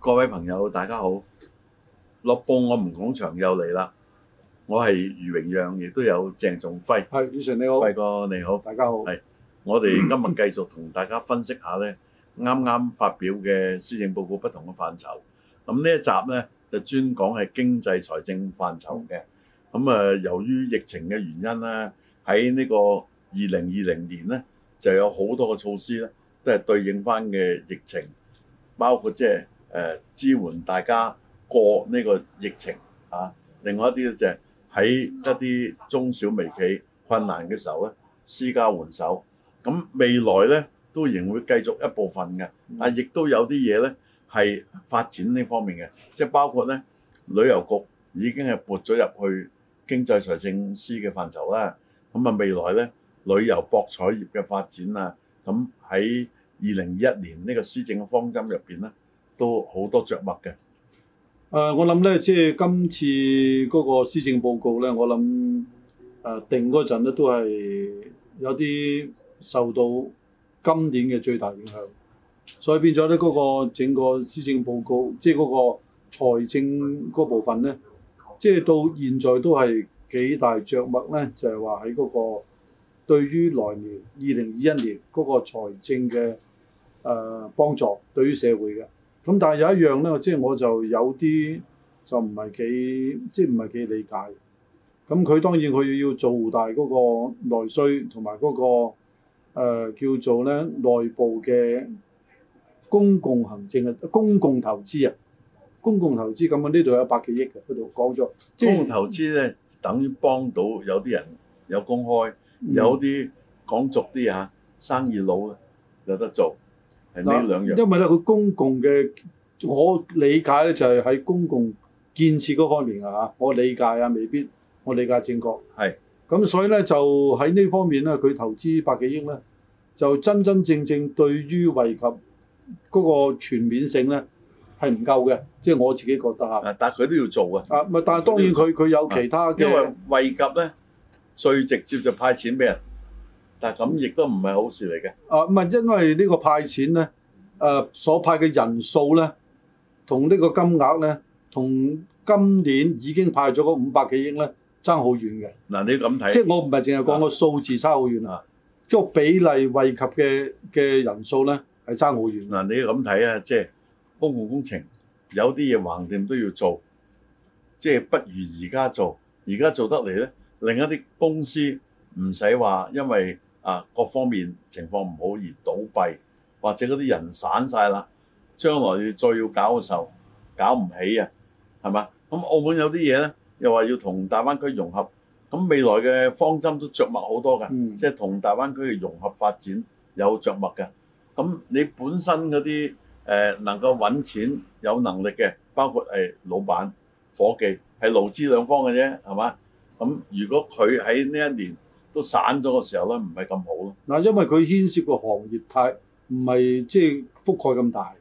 各位朋友，大家好！樂報我們講場又嚟啦，我係余榮陽，亦都有鄭仲輝。係，以辰你好。輝哥你好，大家好。係，我哋今日繼續同大家分析下咧，啱啱發表嘅施政報告不同嘅範疇。咁 呢一集咧，就專講係經濟財政範疇嘅。咁、嗯、啊，由於疫情嘅原因咧，喺呢、這個二零二零年呢，就有好多嘅措施呢，都係對應翻嘅疫情，包括即係誒支援大家過呢個疫情嚇、啊。另外一啲呢，就係喺一啲中小微企困難嘅時候呢，施加援手。咁未來呢，都仍會繼續一部分嘅，但亦都有啲嘢呢，係發展呢方面嘅，即、就、係、是、包括呢旅遊局已經係撥咗入去經濟財政司嘅範疇啦。咁啊，未來呢？旅遊博彩業嘅發展啊，咁喺二零二一年呢個施政方針入邊咧，都好多着墨嘅。誒、呃，我諗咧，即係今次嗰個施政報告咧，我諗誒、呃、定嗰陣咧，都係有啲受到今年嘅最大影響，所以變咗咧嗰個整個施政報告，即係嗰個財政嗰部分咧，即係到現在都係幾大着墨咧，就係話喺嗰個。對於來年二零二一年嗰個財政嘅誒幫助，對於社會嘅咁，但係有一樣咧，即係我就有啲就唔係幾即係唔係幾理解。咁佢當然佢要做大嗰個內需同埋嗰個、呃、叫做咧內部嘅公共行政啊，公共投資啊，公共投資咁啊，呢度有百幾億嘅，喺度講咗。即公共投資咧，等於幫到有啲人有工開。有啲講俗啲嚇，生意佬有得做，係、嗯、呢兩樣。因為咧，佢公共嘅，我理解咧就係喺公共建設嗰方面啊，我理解啊，未必我理解正確。係咁、嗯，所以咧就喺呢方面咧，佢投資百幾億咧，就真真正正對於惠及嗰個全面性咧係唔夠嘅，即、就、係、是、我自己覺得、嗯、但係佢都要做啊。啊、嗯！但係當然佢佢有其他嘅、嗯。因為惠及咧。最直接就派錢俾人，但係咁亦都唔係好事嚟嘅。啊，唔係因為呢個派錢咧，誒、呃、所派嘅人數咧，同呢個金額咧，同今年已經派咗嗰五百幾億咧，爭好遠嘅。嗱、啊，你咁睇，即係我唔係淨係講個數字差好遠啊，個比例惠及嘅嘅人數咧係爭好遠。嗱、啊，你咁睇啊，即係公共工程有啲嘢橫掂都要做，即係不如而家做，而家做得嚟咧。另一啲公司唔使話，因為啊各方面情況唔好而倒閉，或者嗰啲人散晒啦，將來再要搞嘅時候搞唔起啊，係嘛？咁澳門有啲嘢咧，又話要同大灣區融合，咁未來嘅方針都着墨好多㗎，即係同大灣區嘅融合發展有着墨嘅。咁你本身嗰啲誒能夠揾錢有能力嘅，包括係老闆、伙計，係勞資兩方嘅啫，係嘛？咁如果佢喺呢一年都散咗嘅時候咧，唔係咁好咯。嗱，因為佢牽涉個行業態唔係即係覆蓋咁大，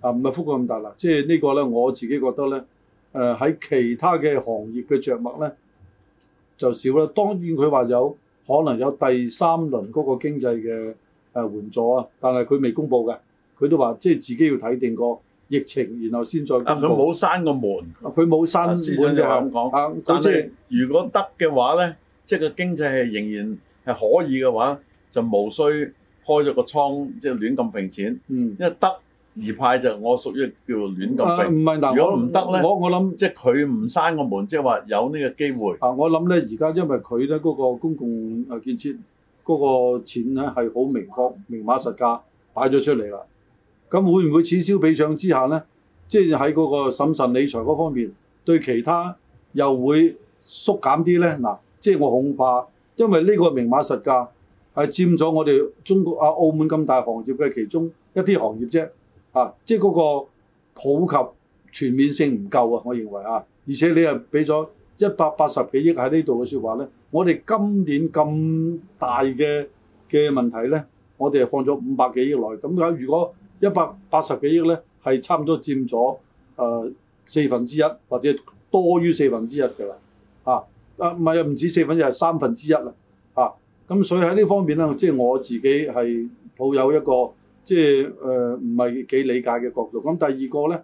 啊唔係覆蓋咁大啦，即係呢個咧我自己覺得咧，誒喺其他嘅行業嘅着墨咧就少啦。當然佢話有可能有第三輪嗰個經濟嘅誒援助啊，但係佢未公布嘅，佢都話即係自己要睇定個。疫情，然後先再。啊，佢冇閂個門，佢冇閂。思想、啊、就係咁講。即、啊、係、就是、如果得嘅話咧，即係個經濟係仍然係可以嘅話，就無需開咗個倉，即係亂咁平錢。嗯。因為得而派就我屬於叫做亂咁平。唔、啊、嗱、啊，如果唔得咧，我我諗即係佢唔閂個門，即係話有呢個機會。啊，我諗咧，而家因為佢咧、嗰個公共誒建設嗰個錢咧係好明確明碼實價擺咗出嚟啦。咁會唔會此消彼長之下咧，即係喺嗰個審慎理財嗰方面，對其他又會縮減啲咧？嗱、啊，即係我恐怕，因為呢個明碼實價係佔咗我哋中國啊、澳門咁大行業嘅其中一啲行業啫、啊。啊，即係嗰個普及全面性唔夠啊，我認為啊，而且你又俾咗一百八十幾億喺呢度嘅說話咧，我哋今年咁大嘅嘅問題咧，我哋又放咗五百幾億嚟，咁如果。一百八十幾億咧，係差唔多佔咗誒四分之一，或者多於四分之一嘅啦。嚇，啊，誒唔係唔止四分，又係三分之一啦，啊。嚇，咁所以喺呢方面咧，即係我自己係抱有一個即係誒唔係幾理解嘅角度。咁第二個咧，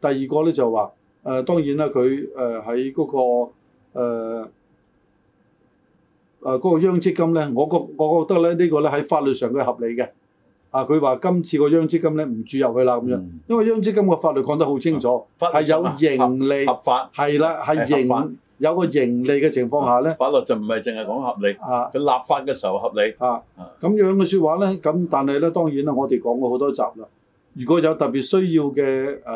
第二個咧就話誒，當然啦，佢誒喺嗰個誒誒嗰個央積金咧，我覺我覺得咧呢個咧喺法律上佢係合理嘅。啊！佢話今次個央積金咧唔注入去啦咁樣，因為央積金個法律講得好清楚，係、啊、有盈利合，合法係啦，係盈有個盈利嘅情況下咧、啊，法律就唔係淨係講合理。啊，佢立法嘅時候合理。啊，咁、啊、樣嘅說話咧，咁但係咧，當然呢，我哋講過好多集啦。如果有特別需要嘅誒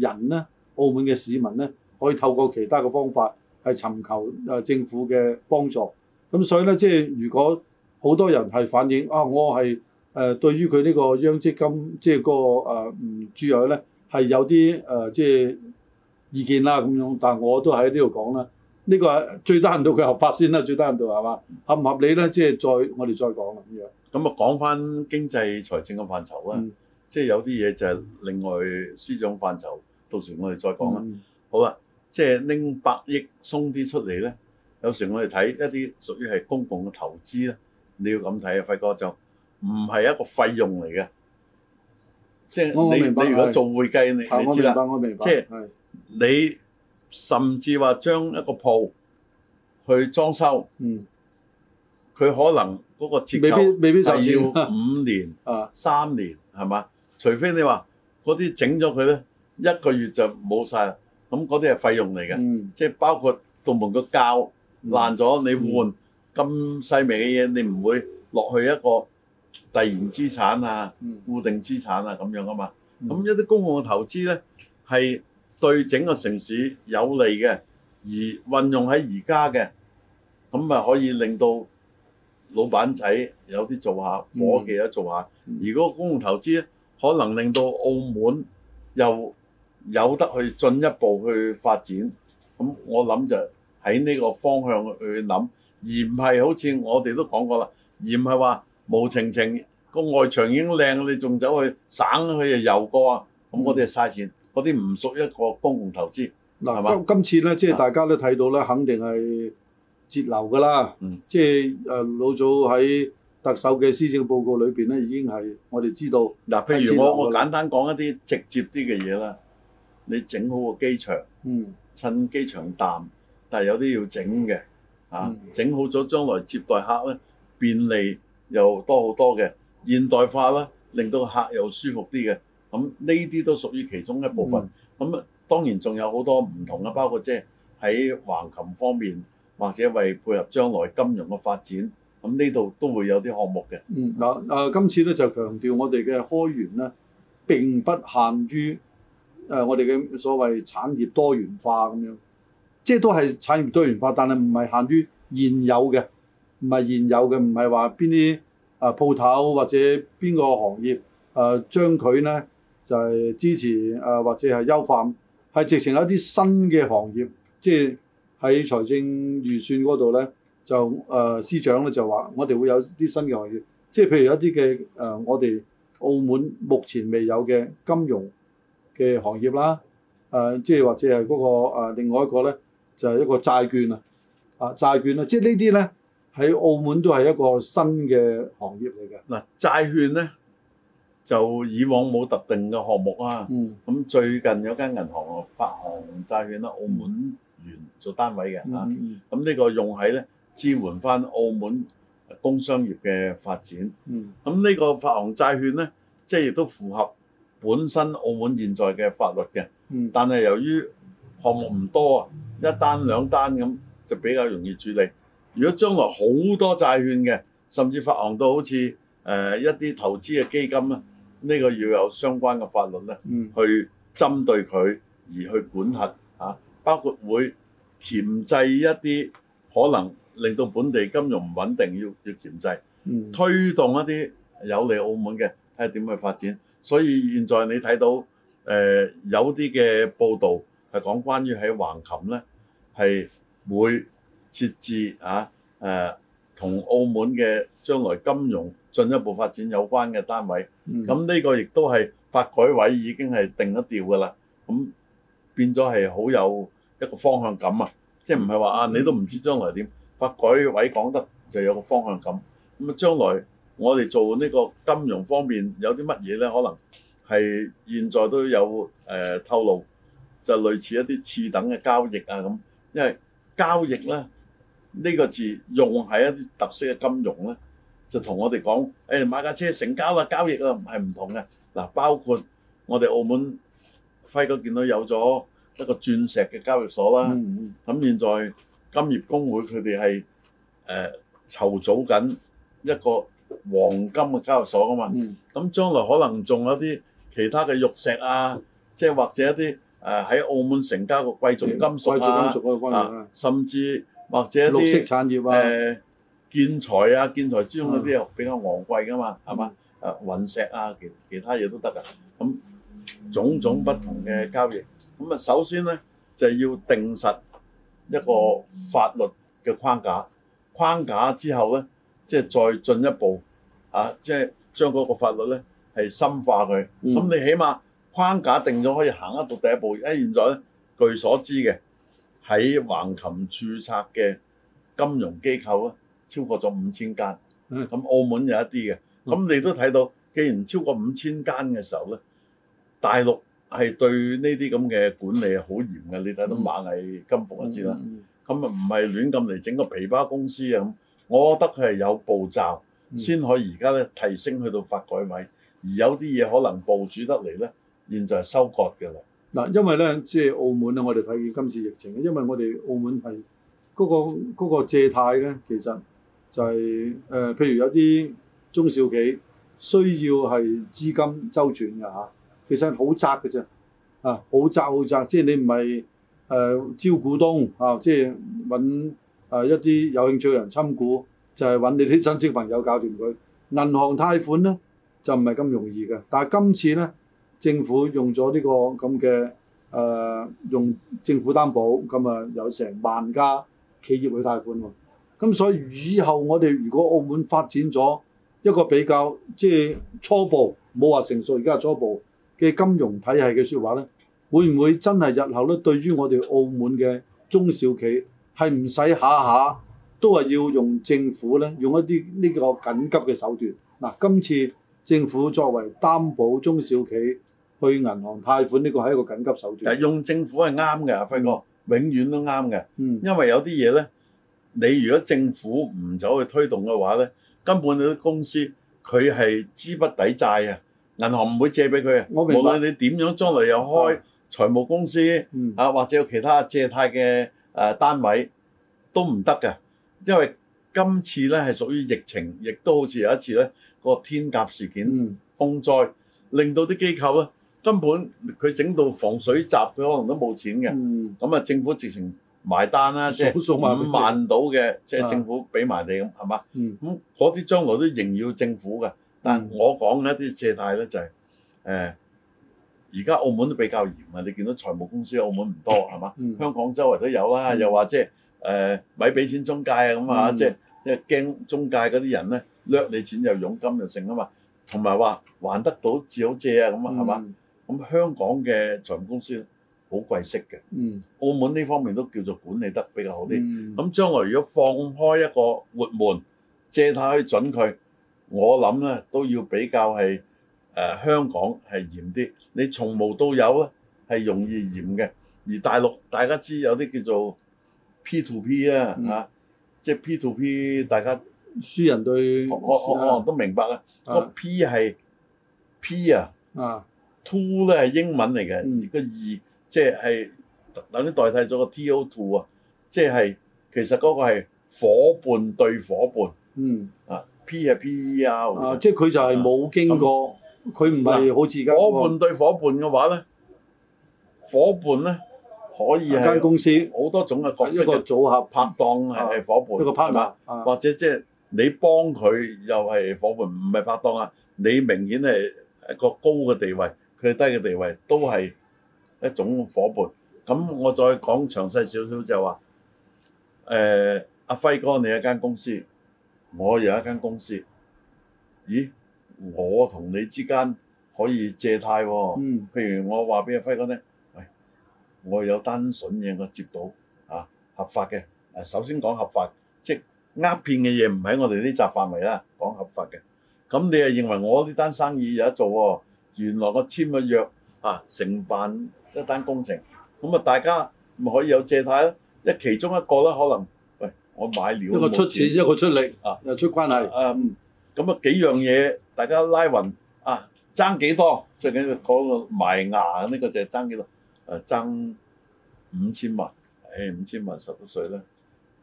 人咧，澳門嘅市民咧，可以透過其他嘅方法係尋求誒政府嘅幫助。咁所以咧，即係如果好多人係反映啊，我係。誒、呃、對於佢呢個央積金，即係嗰、那個唔嗯豬肉咧，係、呃、有啲誒、呃、即係意見啦咁樣。但係我都喺呢度講啦，呢、這個最低限度佢合法先啦，最低限度係嘛？合唔合理咧？即係再我哋再講啦咁樣。咁、嗯、啊，講、嗯、翻經濟財政嘅範疇啊，即係有啲嘢就係另外司長範疇，到時候我哋再講啦、嗯。好啊，即係拎百億鬆啲出嚟咧。有時我哋睇一啲屬於係公共嘅投資咧，你要咁睇啊，輝哥就。唔係一個費用嚟嘅，即係你你如果做會計，你你知啦，我明白，即係你甚至話將一個鋪去裝修，嗯，佢可能嗰個折扣未，未必就要五年、三 年係嘛？除非你話嗰啲整咗佢咧，一個月就冇晒啦。咁嗰啲係費用嚟嘅，即係包括道門個膠爛咗，你換咁細微嘅嘢，你唔會落去一個。遞延資產啊，固定資產啊，咁樣啊嘛。咁一啲公共投資咧，係對整個城市有利嘅，而運用喺而家嘅，咁啊可以令到老闆仔有啲做下，伙計有做下。嗯、而個公共投資咧，可能令到澳門又有得去進一步去發展。咁我諗就喺呢個方向去諗，而唔係好似我哋都講過啦，而唔係話。無情情個外牆已經靚，你仲走去省佢又遊過，咁嗰啲係嘥錢，嗰啲唔屬一個公共投資，係嘛、嗯？今次咧，即係大家都睇到啦、啊，肯定係節流噶啦。即、嗯、係、就是、老早喺特首嘅施政報告裏面咧，已經係我哋知道。嗱，譬如我我簡單講一啲直接啲嘅嘢啦，你整好個機場，趁機場淡，但係有啲要整嘅，整好咗將來接待客咧便利。又多好多嘅現代化啦，令到客又舒服啲嘅，咁呢啲都屬於其中一部分。咁、嗯、當然仲有好多唔同嘅，包括即係喺橫琴方面，或者為配合將來金融嘅發展，咁呢度都會有啲項目嘅。嗯，嗱、呃，誒今次咧就強調我哋嘅開源咧，並不限於誒、呃、我哋嘅所謂產業多元化咁樣，即係都係產業多元化，但係唔係限於現有嘅。唔係現有嘅，唔係話邊啲啊鋪頭或者邊個行業啊，將佢咧就係支持啊，或者係優化，係直情一啲新嘅行業，即係喺財政預算嗰度咧就啊司長咧就話，我哋會有啲新嘅行業，即係譬如一啲嘅啊，我哋澳門目前未有嘅金融嘅行業啦，誒即係或者係嗰個啊，另外一個咧就係一個債券啊，啊債券啊，即係呢啲咧。喺澳門都係一個新嘅行業嚟㗎。嗱，債券咧就以往冇特定嘅項目啊。嗯。咁最近有間銀行發行債券啦，澳門元做單位嘅嚇、啊。咁、嗯、呢、嗯嗯呢個用喺咧支援翻澳門工商業嘅發展。嗯。咁呢個發行債券咧，即係亦都符合本身澳門現在嘅法律嘅、嗯。但係由於項目唔多啊，一單兩單咁就比較容易處理。如果將來好多債券嘅，甚至發行到好似誒、呃、一啲投資嘅基金咧，呢、這個要有相關嘅法律咧、嗯，去針對佢而去管轄啊，包括會鉗制一啲可能令到本地金融唔穩定要，要要鉗制、嗯，推動一啲有利澳門嘅，睇下點去發展。所以現在你睇到誒、呃、有啲嘅報道係講關於喺橫琴咧，係會。設置啊誒同、呃、澳門嘅將來金融進一步發展有關嘅單位，咁、嗯、呢個亦都係法改委已經係定咗調噶啦，咁變咗係好有一個方向感啊！嗯、即係唔係話啊，你都唔知將來點？法改委講得就有個方向感。咁啊，將來我哋做呢個金融方面有啲乜嘢呢？可能係現在都有誒、呃、透露，就類似一啲次等嘅交易啊咁，因為交易呢。呢、這個字用係一啲特色嘅金融咧，就同我哋講：誒、哎、買架車成交啦，交易啊，唔係唔同嘅。嗱，包括我哋澳門輝哥見到有咗一個鑽石嘅交易所啦。咁、嗯、現在金業公會佢哋係誒籌組緊一個黃金嘅交易所㗎嘛。咁、嗯、將來可能仲有啲其他嘅玉石啊，即、就、係、是、或者一啲誒喺澳門成交嘅貴重金屬啊，啊，啊，甚至。或者一啲、啊、綠色產業啊，誒建材啊，建材之中嗰啲又比較昂貴噶嘛，係、嗯、嘛？誒雲石啊，其其他嘢都得噶。咁種種不同嘅交易，咁、嗯、啊首先咧就係要定實一個法律嘅框架，框架之後咧即係再進一步啊，即、就、係、是、將嗰個法律咧係深化佢。咁、嗯、你起碼框架定咗，可以行一步第一步。誒現在據所知嘅。喺橫琴註冊嘅金融機構啊，超過咗五千間。咁、嗯、澳門有一啲嘅，咁、嗯、你都睇到，既然超過五千間嘅時候咧，大陸係對呢啲咁嘅管理好嚴嘅。你睇到螞蟻金服就知啦。咁啊唔係亂咁嚟整個皮包公司啊咁。我覺得佢係有步驟先可以而家咧提升去到發改委，而有啲嘢可能部署得嚟咧，現在是收割嘅啦。嗱，因為咧，即係澳門咧、啊，我哋睇見今次疫情嘅，因為我哋澳門係嗰、嗰個嗰個借貸咧，其實就係、是、誒、呃，譬如有啲中小企需要係資金周轉嘅吓，其實好窄嘅啫，啊，好窄好、啊、窄，窄，即係你唔係誒招股東、啊、即係揾誒一啲有興趣嘅人參股，就係、是、揾你啲親戚朋友搞掂佢。銀行貸款咧就唔係咁容易嘅，但係今次咧。政府用咗呢個咁嘅誒用政府擔保，咁啊有成萬家企業去貸款喎。咁所以以後我哋如果澳門發展咗一個比較即係初步冇話成熟，而家係初步嘅金融體系嘅說話呢，會唔會真係日後咧對於我哋澳門嘅中小企係唔使下下都係要用政府呢，用一啲呢個緊急嘅手段？嗱、啊，今次政府作為擔保中小企。去銀行貸款呢個係一個緊急手段。用政府係啱嘅，輝、嗯、哥，永遠都啱嘅、嗯。因為有啲嘢呢，你如果政府唔走去推動嘅話呢，根本你啲公司佢係資不抵債啊，銀行唔會借俾佢啊。我明白。無論無論你點樣將來又開、啊、財務公司、嗯、啊，或者有其他借貸嘅、呃、單位都唔得嘅，因為今次呢係屬於疫情，亦都好似有一次呢、個天鴿事件風災，嗯、令到啲機構呢根本佢整到防水閘，佢可能都冇錢嘅。咁、嗯、啊，政府直情埋單啦，即係數五萬到嘅，即、嗯、係、就是、政府俾埋你咁，係嘛？咁嗰啲將來都仍要政府嘅、嗯。但我講嘅一啲借貸咧，就係誒而家澳門都比較嚴啊。你見到財務公司澳門唔多係嘛、嗯？香港周圍都有啦。嗯、又話即係誒咪俾錢中介啊咁啊，即係因為驚中介嗰啲人咧掠你錢又佣金又剩啊嘛。同埋話還得到至好借啊咁啊，係嘛？嗯。咁香港嘅財務公司好貴息嘅，澳門呢方面都叫做管理得比較好啲。咁將來如果放開一個活門，借貸去準佢，我諗咧都要比較係誒香港係嚴啲。你從無到有咧係容易嚴嘅，而大陸大家知有啲叫做 P to P 啊，嚇，即係 P to P，大家私人對，我我我都明白啊。個 P 係 P 啊。Two 咧係英文嚟嘅，個、嗯、二即係等於代替咗個 T.O.Two 啊、嗯，即係其實嗰個係夥伴對伙伴。嗯 P 是 PR, 啊，P 係 P.E.R. 即係佢就係冇經過，佢唔係好似伙伴對伙伴嘅話咧，伙伴咧可以係間公司好多種嘅角色嘅組合拍檔係伙伴，一個 partner，是是或者即係你幫佢又係伙伴，唔係拍檔啊！你明顯係一個高嘅地位。佢低嘅地位都係一種伙伴，咁我再講詳細少少就話，誒，呃，阿輝哥，你有一間公司，我有一間公司，咦？我同你之間可以借貸喎。嗯。譬如我話俾阿輝哥聽，喂，我有單筍嘢我接到，啊，合法嘅。首先講合法，即係呃騙嘅嘢唔喺我哋呢集範圍啦，講合法嘅。咁你又認為我呢單生意有得做喎？原來我簽咗約啊，承辦一單工程，咁啊大家咪可以有借貸咯。一其中一個咧，可能喂我買料，一個出事錢，一個出力啊，又出關係啊。咁、嗯、啊幾樣嘢大家拉勻啊，爭幾多？最緊要講個埋牙呢、這個就係爭幾多？誒、啊、爭五千萬。誒、哎、五千萬十億歲咧。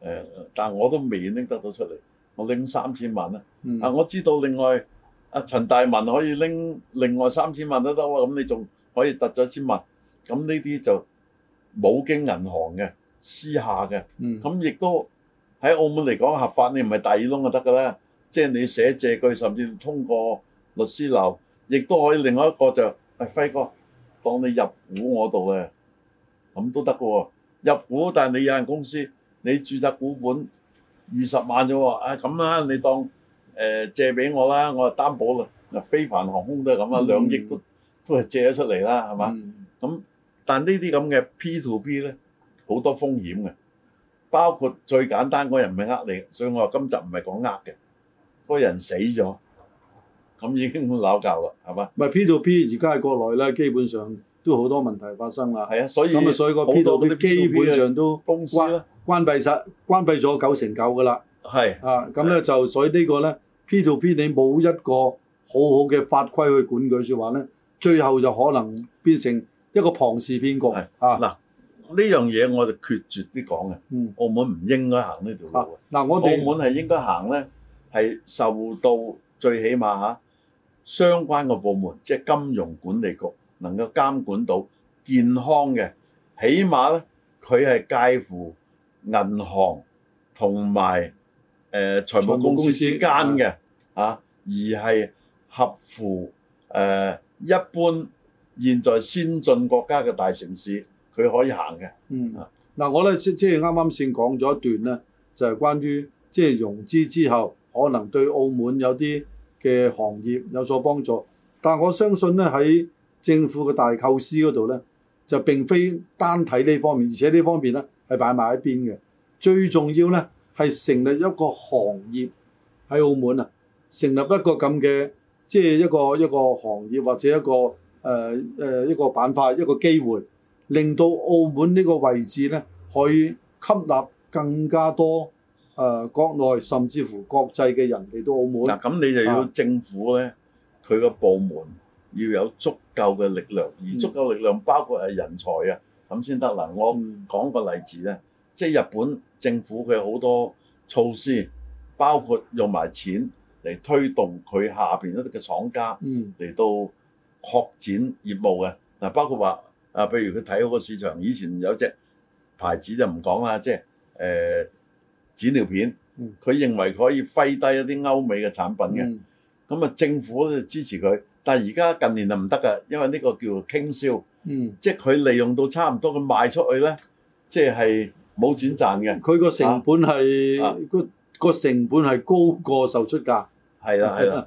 誒、啊，但係我都未拎得到出嚟，我拎三千萬啦、嗯。啊，我知道另外。阿陳大文可以拎另外三千萬都得喎，咁你仲可以突咗一千萬，咁呢啲就冇經銀行嘅私下嘅，咁、嗯、亦都喺澳門嚟講合法，你唔係大耳窿就得㗎啦，即、就、係、是、你寫借據，甚至通過律師樓，亦都可以另外一個就，誒、哎、輝哥當你入股我度呢，咁都得㗎喎，入股但係你有限公司，你註冊股本二十萬啫喎，啊咁啦你當。誒、呃、借俾我啦，我啊擔保啦，嗱非凡航空都係咁、嗯、啦，兩億都都係借咗出嚟啦，係嘛？咁但這這呢啲咁嘅 P to P 咧，好多風險嘅，包括最簡單嗰人唔係呃你，所以我話今集唔係講呃嘅，嗰人死咗，咁已經好鬧交啦，係嘛？唔係 P to P 而家喺國內咧，基本上都好多問題發生啦。係啊，所以咁啊，所以個 P to P 基本上都關關閉晒，關閉咗九成九噶啦。係啊，咁、啊、咧就所以這個呢個咧。P to P，你冇一個好好嘅法規去管佢，說話咧，最後就可能變成一個龐氏騙局啊嗱，呢樣嘢我就決絕啲講嘅，澳門唔應、啊啊、應該行呢條路嗱，我哋澳門係應該行咧，係受到最起碼嚇、啊、相關嘅部門，即、就、係、是、金融管理局能夠監管到健康嘅，起碼咧佢係介乎銀行同埋。誒財務公司之間嘅啊，而係合乎誒、呃、一般現在先進國家嘅大城市，佢可以行嘅。嗯，嗱我咧即即啱啱先講咗一段咧，就係、是、關於即係融資之後可能對澳門有啲嘅行業有所幫助，但我相信咧喺政府嘅大構思嗰度咧，就並非單睇呢方面，而且呢方面咧係擺埋一邊嘅。最重要咧。係成立一個行業喺澳門啊！成立一個咁嘅，即係一個一個行業或者一個誒誒、呃、一個板塊一個機會，令到澳門呢個位置咧，可以吸納更加多誒、呃、國內甚至乎國際嘅人嚟到澳門。嗱，咁你就要政府咧，佢、啊、個部門要有足夠嘅力量，而足夠力量包括係人才啊，咁先得嗱。我講個例子咧、啊。即係日本政府佢好多措施，包括用埋錢嚟推動佢下邊一啲嘅廠家嚟到擴展業務嘅嗱、嗯。包括話啊，譬如佢睇好個市場，以前有隻牌子就唔講啦，即係誒紙尿片，佢、嗯、認為可以揮低一啲歐美嘅產品嘅咁啊，嗯、政府咧支持佢，但係而家近年就唔得㗎，因為呢個叫做傾銷，嗯、即係佢利用到差唔多，佢賣出去咧，即係。係。冇錢賺嘅，佢個成本係個個成本係高過售出價，係啦係啦，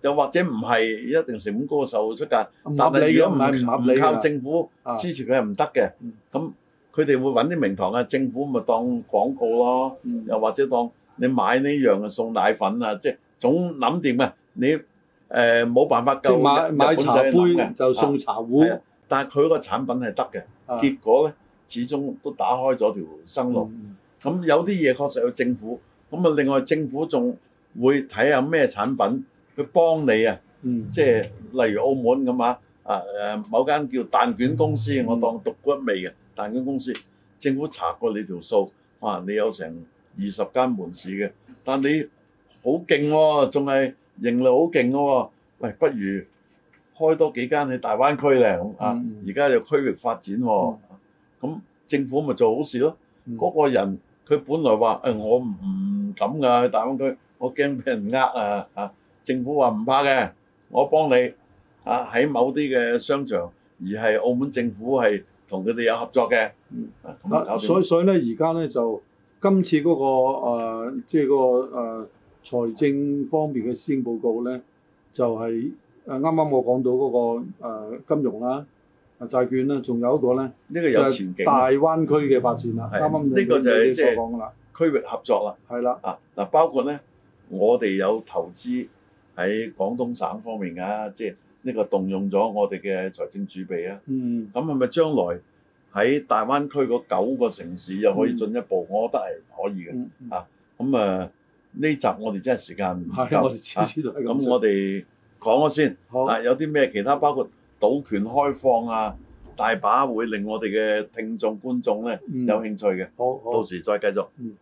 又或者唔係一定成本高過售出價。但係你如果唔係靠政府支持佢係唔得嘅，咁佢哋會揾啲名堂嘅，政府咪當廣告咯、嗯，又或者當你買呢樣嘅送奶粉啊、嗯嗯，即係總諗掂嘅。你誒冇、呃、辦法夠日本買茶杯嘅就送茶壺，但係佢個產品係得嘅，結果咧。始終都打開咗條生路，咁、嗯、有啲嘢確實有政府，咁啊另外政府仲會睇下咩產品去幫你啊、嗯，即係例如澳門咁嚇，啊誒、呃、某間叫蛋卷公司，嗯、我當獨骨味嘅蛋卷公司，政府查過你條數，哇、啊、你有成二十間門市嘅，但你好勁喎，仲係盈利好勁嘅喎，喂、哎、不如開多幾間喺大灣區咧，咁、嗯、啊而家有區域發展喎、哦。嗯咁政府咪做好事咯？嗰、嗯那個人佢本來話誒、哎，我唔敢㗎，去大灣區我驚俾人呃啊，啊！政府話唔怕嘅，我幫你啊喺某啲嘅商場，而係澳門政府係同佢哋有合作嘅。咁、嗯啊啊、所以所以咧，而家咧就今次嗰、那個即係嗰個誒、啊、財政方面嘅施政報告咧，就係誒啱啱我講到嗰、那個、啊、金融啦、啊。啊，債券啦，仲有一個咧，呢、呢個有前景。就係、大灣區嘅發展啦，啱啱就你所講嘅啦，呢個、區域合作啦，係啦。啊，嗱，包括咧，我哋有投資喺廣東省方面㗎、啊，即係呢個動用咗我哋嘅財政儲備啊。嗯。咁係咪將來喺大灣區嗰九個城市又可以進一步？嗯、我覺得係可以嘅、嗯。啊，咁啊，呢集我哋真係時間唔夠。我哋知道咁。啊、我哋講咗先。好。啊，有啲咩其他包括？賭權開放啊，大把會令我哋嘅聽眾觀眾呢、嗯、有興趣嘅，好，到時再繼續。嗯。